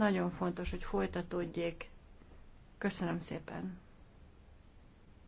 Nagyon fontos, hogy folytatódjék. Köszönöm szépen!